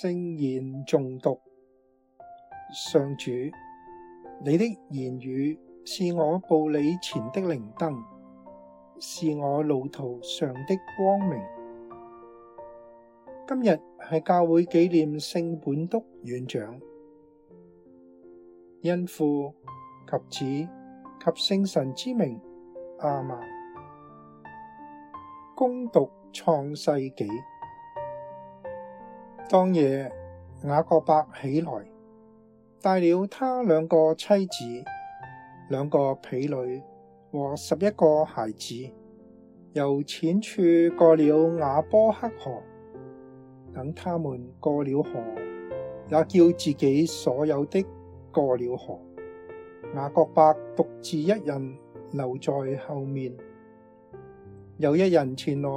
聖言誦讀，上主，你的言語是我步履前的靈燈，是我路途上的光明。今日係教會紀念聖本篤院長，因父及子及聖神之名，阿們，恭讀創世紀。當夜雅各伯起來，帶了他兩個妻子、兩個婢女和十一個孩子，由淺處過了雅波克河。等他們過了河，也叫自己所有的過了河。雅各伯獨自一人留在後面，有一人前來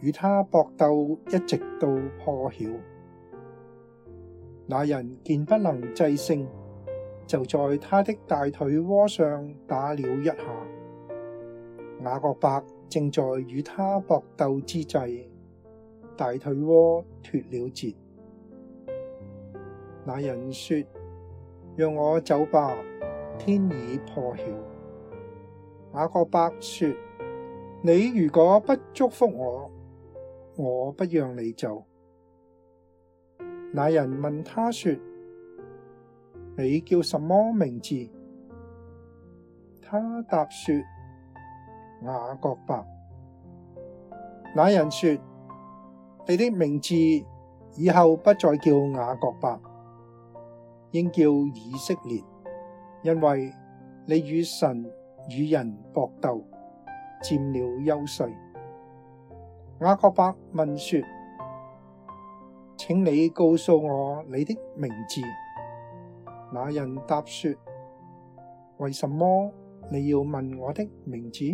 與他搏鬥，一直到破曉。那人見不能制勝，就在他的大腿窩上打了一下。雅各伯正在與他搏鬥之際，大腿窩脫了節。那人說：讓我走吧，天已破曉。雅各伯說：你如果不祝福我，我不讓你走。那人問他說：你叫什麼名字？他答說：雅各伯。那人說：你的名字以後不再叫雅各伯，應叫以色列，因為你與神與人搏鬥，佔了優勢。雅各伯問說：請你告訴我你的名字。那人答說：為什麼你要問我的名字？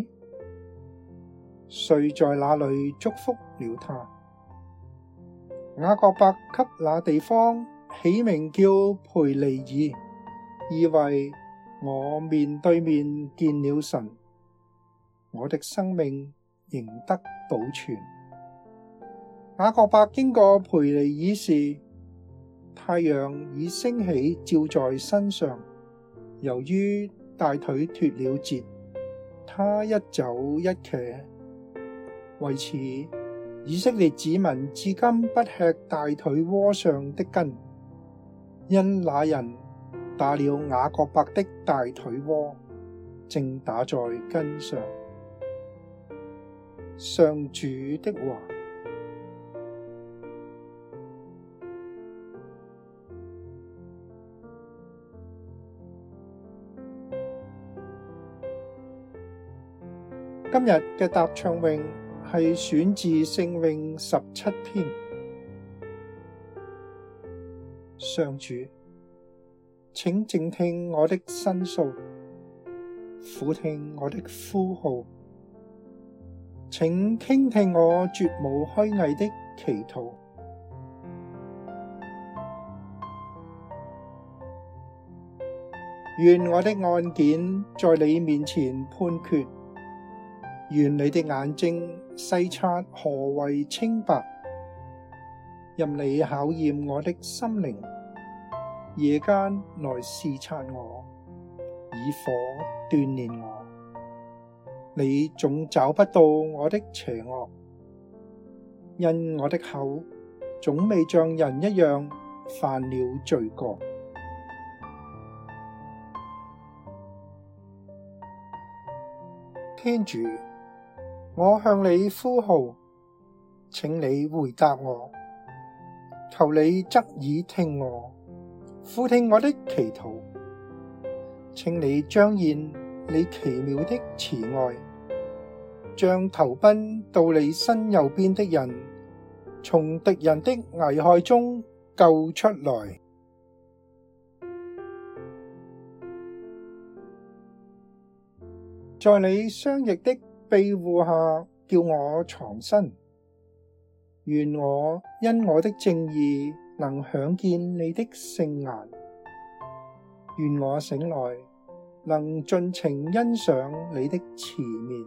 遂在那裏祝福了他。雅各伯給那地方起名叫培尼耳，意謂我面對面見了神，我的生命仍得保全。雅各伯經過培尼耳時，太陽已升起，照在身上。由於大腿脫了節，他一走一瘸。為此，以色列子民至今不吃大腿窩上的筋，因那人打了雅各伯的大腿窩，正打在筋上。上主的話。今日嘅答唱詠係選自聖詠十七篇。上主，請靜聽我的申訴，俯聽我的呼號，請傾聽我絕無虛偽的祈禱，願我的案件在你面前判決。願你的眼睛細察何為清白，任你考驗我的心靈，夜間來視察我，以火鍛鍊我。你總找不到我的邪惡，因我的口總未像人一樣犯了罪過。聽住。我向你呼號，請你回答我，求你側耳聽我，俯聽我的祈禱，請你彰現你奇妙的慈愛，將投奔到你身右邊的人，從敵人的危害中救出來，在你雙翼的。庇護下，叫我藏身；願我因我的正義能享見你的聖顏；願我醒來能盡情欣賞你的慈面。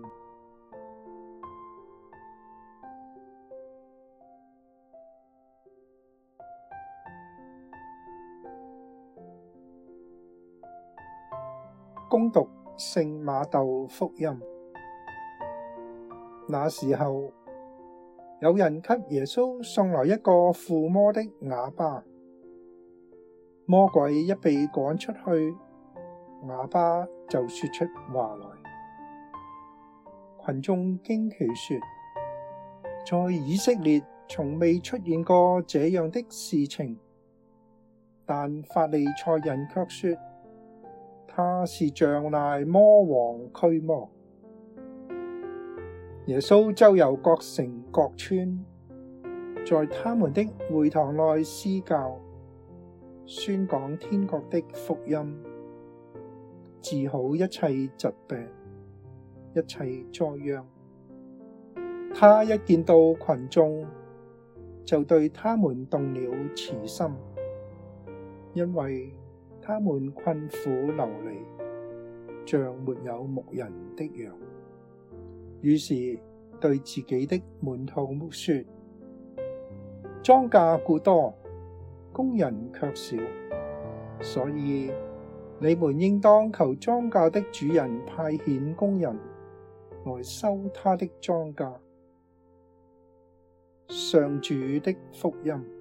恭 讀聖瑪竇福音。那時候，有人給耶穌送來一個附魔的啞巴，魔鬼一被趕出去，啞巴就說出話來。群眾驚奇說：在以色列從未出現過這樣的事情。但法利賽人卻說他是仗賴魔王驅魔。耶穌週遊各城各村，在他們的會堂內施教，宣講天國的福音，治好一切疾病、一切災殃。他一見到群眾，就對他們動了慈心，因為他們困苦流離，像沒有牧人的羊。於是對自己的門徒說：莊稼固多，工人卻少，所以你們應當求莊稼的主人派遣工人來收他的莊稼。上主的福音。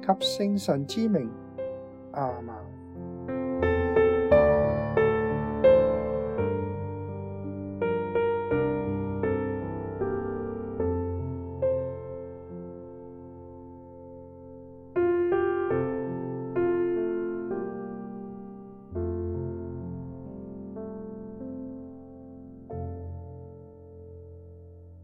及聖神之名，阿們。